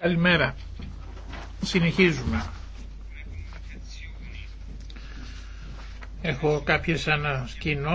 Καλημέρα. Συνεχίζουμε. Έχω κάποιες ανασκηνώσεις.